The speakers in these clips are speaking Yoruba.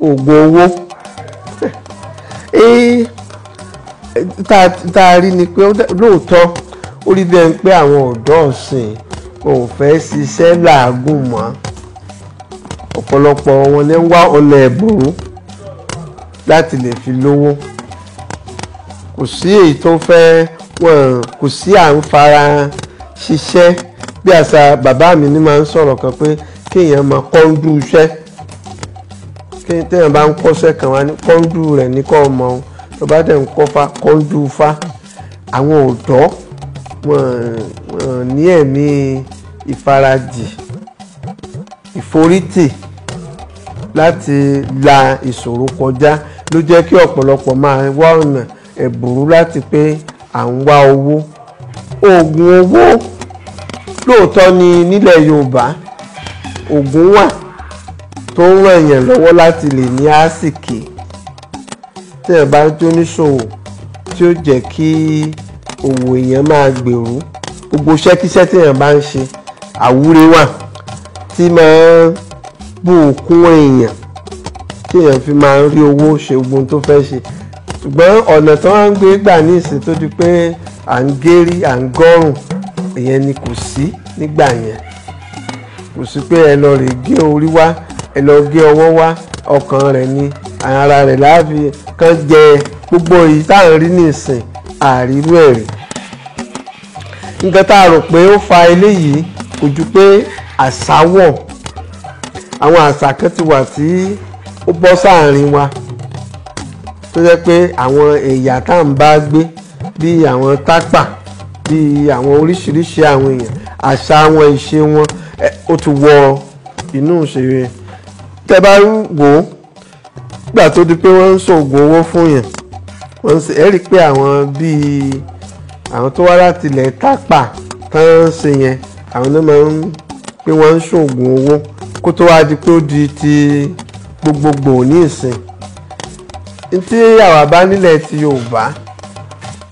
oògùn owó eh, ta ta rí ni pé lóòótọ́ ó rí bẹ́ẹ̀ pé àwọn ọ̀dọ́ ọ̀sìn kò fẹ́ ṣiṣẹ́ làágùn mọ́ ọ̀pọ̀lọpọ̀ wọn lè ń wá ọ̀nà ẹ̀bùrú láti lè fi lówó kò sí èyí tó fẹ́ wọn kò sí à ń fara ṣiṣẹ́ bí àṣà bàbá mi ní máa ń sọ̀rọ̀ kan pé kéèyàn máa kọ́ ń dú kí téèyàn bá ń kọ́ṣẹ́ kan wá ní kọ́ńdù rẹ̀ ní kọ́ ọmọ o tó bá dẹ̀ ń kọ́fà kọ́ńdù fa àwọn ọ̀dọ́ ní ẹ̀mí ìfarajì ìforítì láti la ìṣòro kọjá ló jẹ́ kí ọ̀pọ̀lọpọ̀ máa wá ọ̀nà ẹ̀bùrú láti pé à ń wá owó oògùn owó lóòótọ́ ni nílẹ̀ Yorùbá oògùn wà tó ń ràn yàn lọ́wọ́ láti lè ní àsìkè tẹ́ ẹ̀ bá jó níṣòwò tí ó jẹ́ kí òwò èèyàn máa gbèrú gbogbo iṣẹ́kíṣẹ́ tí èèyàn bá ń ṣe àwúre wà tí máa ń bù kún èèyàn tí èèyàn fi máa ń rí owó ṣe ogun tó fẹ́ ṣe ṣùgbọ́n ọ̀nà tí wọ́n ń gbé gbà ní ìsìn tó di pé à ń gérí à ń gọ́rùn ìyẹn ni kò sí nígbà yẹn kò sí pé ẹ lọ rè gé orí wá ẹ lọ gé ọwọ́ wá ọkàn rẹ̀ ni ara rẹ̀ láàfi kan jẹ gbogbo èyí tá à ń rí nìsín àrírú ẹ̀ rí nǹkan tá a rò pé ó fa eléyìí kò ju pé àṣàwọ̀ àwọn àṣà kan ti wà tí ó bọ́ sáàrin wa tó jẹ́ pé àwọn ẹ̀yà tá à ń bá gbé bíi àwọn tápà bíi àwọn oríṣiríṣi àwọn èèyàn àṣà wọn ìṣe wọn ó ti wọ inú ìṣeré tẹ́ bá wò ó gbà tó di pé wọ́n ń ṣoògùn owó fún yẹn wọ́n ṣe ẹ́ rí i pé àwọn bíi àwọn tó wá láti ilẹ̀ tápà tán ń ṣe yẹn àwọn ló máa ń pé wọ́n ń ṣoògùn owó kó tó wá di pé ó di ti gbogbogbò ní ìsìn tí àwa bá nílẹ̀ ti Yorùbá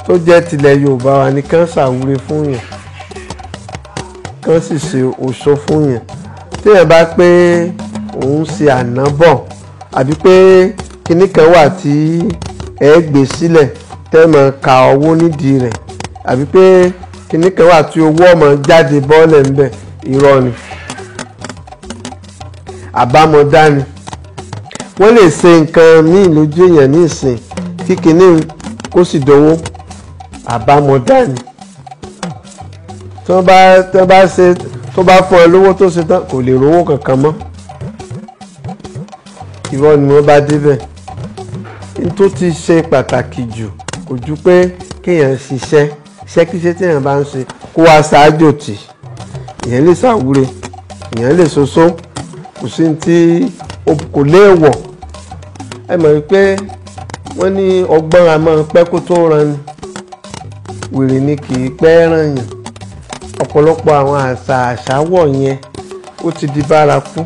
tó jẹ́ tilẹ̀ Yorùbá wa ni kán ṣàwúre fún yẹn kán sì ṣe òṣó fún yẹn téèyàn bá pé. Mm òun ṣe ànábọ̀ àbí pé kinní kan wà tí ẹ gbé sílẹ̀ tẹ́ mọ̀ ka owó nídìí rẹ̀ àbí pé kinní kan wà tí owó ọmọ jáde bọ́ọ̀lẹ̀ ńbẹ̀ irọ́ ni àbámọ̀dá ni wọ́n lè ṣe nǹkan míì lójú èèyàn ní ìsìn kí kinní kó sì dánwó àbámọ̀dá ni tó bá ṣe tó bá fún ẹ lówó tó ṣe tán kò lè rówó kankan mọ́ irọ́ ni wọ́n bá débẹ̀ n tó ti ṣe pàtàkì jù kò ju pé kéèyàn ṣiṣẹ́ ṣẹ́kíṣẹ́ téèyàn bá ń ṣe kó wá ṣáájò tì èèyàn lè ṣàwúre èèyàn lè ṣoṣo kò sí ti kò léèwọ̀ ẹ mọ̀ wípé wọ́n ní ọgbọ́n àmọ́ pẹ́ kó tó ran ni wèrè ni kì í pẹ́ ràn yàn ọ̀pọ̀lọpọ̀ àwọn àṣà àṣà wọ̀ yẹn ó ti di bárakú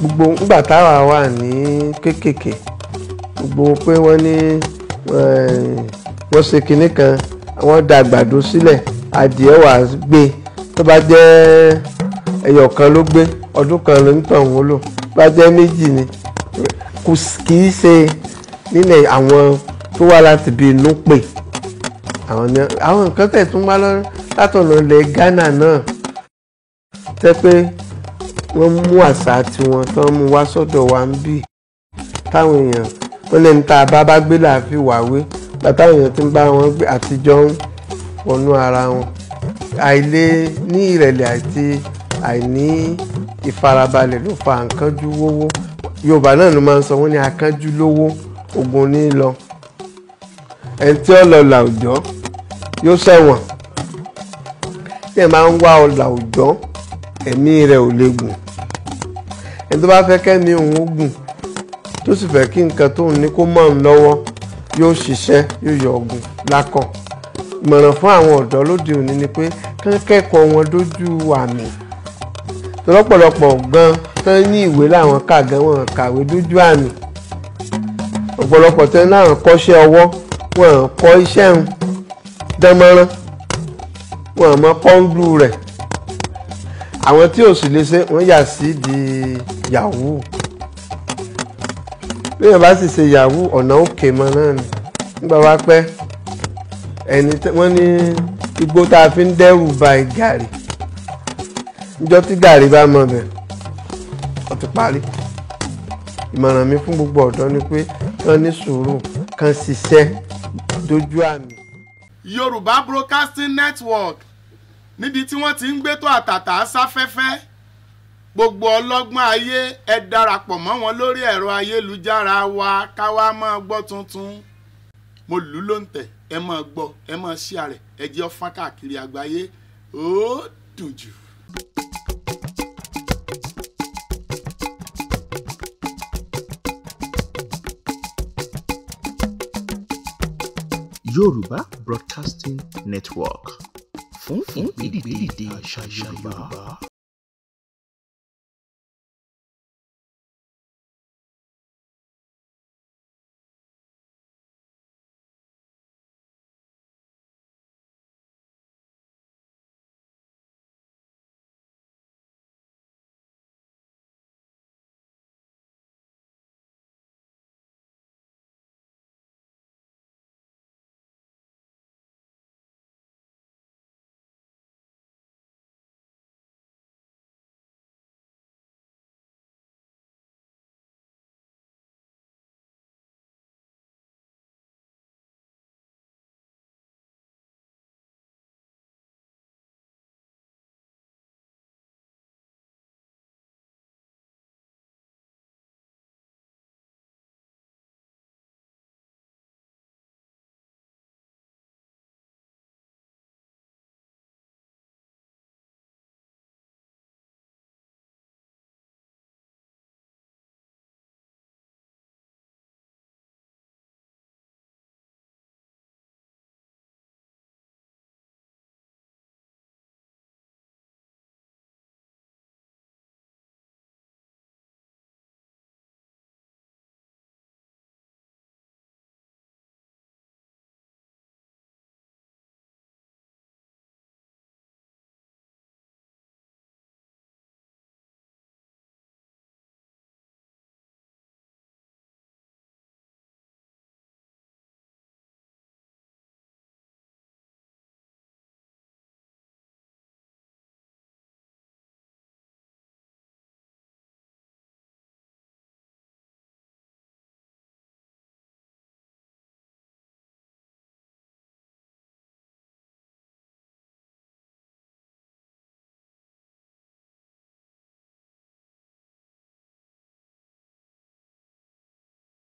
gbogbo ngbà táwa wà ní kékèké gbogbo pé wọ́n ní eh, wọ́n ṣe kinní kan wọ́n da àgbàdo sílẹ̀ adìẹ wà gbé tó bá jẹ́ ẹyọ kan ló gbé ọdún kan ló ń tàn wọ́n lò bá jẹ́ méjì ni kì í ṣe nílẹ̀ àwọn tó wá láti bí inú pè àwọn ni àwọn nǹkan tẹ̀ tún wá látọ̀nà ilẹ̀ Ghana náà tẹ́ pé wọ́n mú àṣà tiwọn tán mú wá sọ́dọ̀ wa ń bì táwọn èèyàn wọ́n lẹ́nu tá a bá bá gbé láàfin wàwé látàwọn èèyàn ti ń bá wọn gbé àtijọ́ ń wọnú ara wọn àìlè ní ìrẹ̀lẹ̀ àti àìní ìfarabalẹ̀ ló fa àǹkánjú wówó yorùbá náà ló máa ń sọ wọ́n ní akánjú lówó ogun ní lọ ẹni tí ó lọ là òjọ́ yóò ṣẹ̀wọ̀n tí ẹ máa ń wá ọlà òjọ́ ẹ̀mí rẹ̀ ò lè gùn ẹni tó bá fẹ́ kẹ́mi òun gùn tó sì fẹ́ kí nǹkan tóun ní kó mọ̀ ń lọ́wọ́ yóò ṣiṣẹ́ yóò yọ ọ̀gùn lákọ̀ ìmọ̀ràn fún àwọn ọ̀dọ́ lóde òní ni pé kẹ́kẹ́kọ̀ọ́ wọn dójú àmì lọ́pọ̀lọpọ̀ gan tán ní ìwé làwọn kà gan wọn kàwé dójú àmì ọ̀pọ̀lọpọ̀ tán láwọn kọ́ṣẹ́ ọwọ́ wọn kọ́ iṣẹ́ ń dánmọ́rán wọn mọ pọ́ńdù rẹ̀ àwọn tí ò sì lè ṣe wọ́n yà sí di yahoo bí wọ́n bá sì ṣe yahoo ọ̀nà òkè mọ́ náà ni nígbà wá pẹ́ ẹni wọ́n ní igbó tá a fi ń dẹ́rù ba gàrí níjọ́ tí gàrí bá mọ̀ bẹ̀ ó ti parí ìmọ̀ràn mi fún gbogbo ọ̀dọ́ ni pé kán ní sùúrù kán ṣiṣẹ́ dojú àmì. Yorùbá Broadcasting Network níbi tí wọ́n ti ń gbé tó àtàtà sáfẹ́fẹ́ gbogbo ọlọ́gbọ́n ayé ẹ darapọ̀ mọ́ wọn lórí ẹ̀rọ ayélujára wa ká wá máa gbọ́ tuntun mo lù ú ló ń tẹ̀ ẹ máa gbọ́ ẹ máa ṣíà rẹ̀ ẹ ọ̀fán káàkiri àgbáyé ó dùn jù. Yoruba Broadcasting Network fún ìgbèdéde àṣà Yorùbá.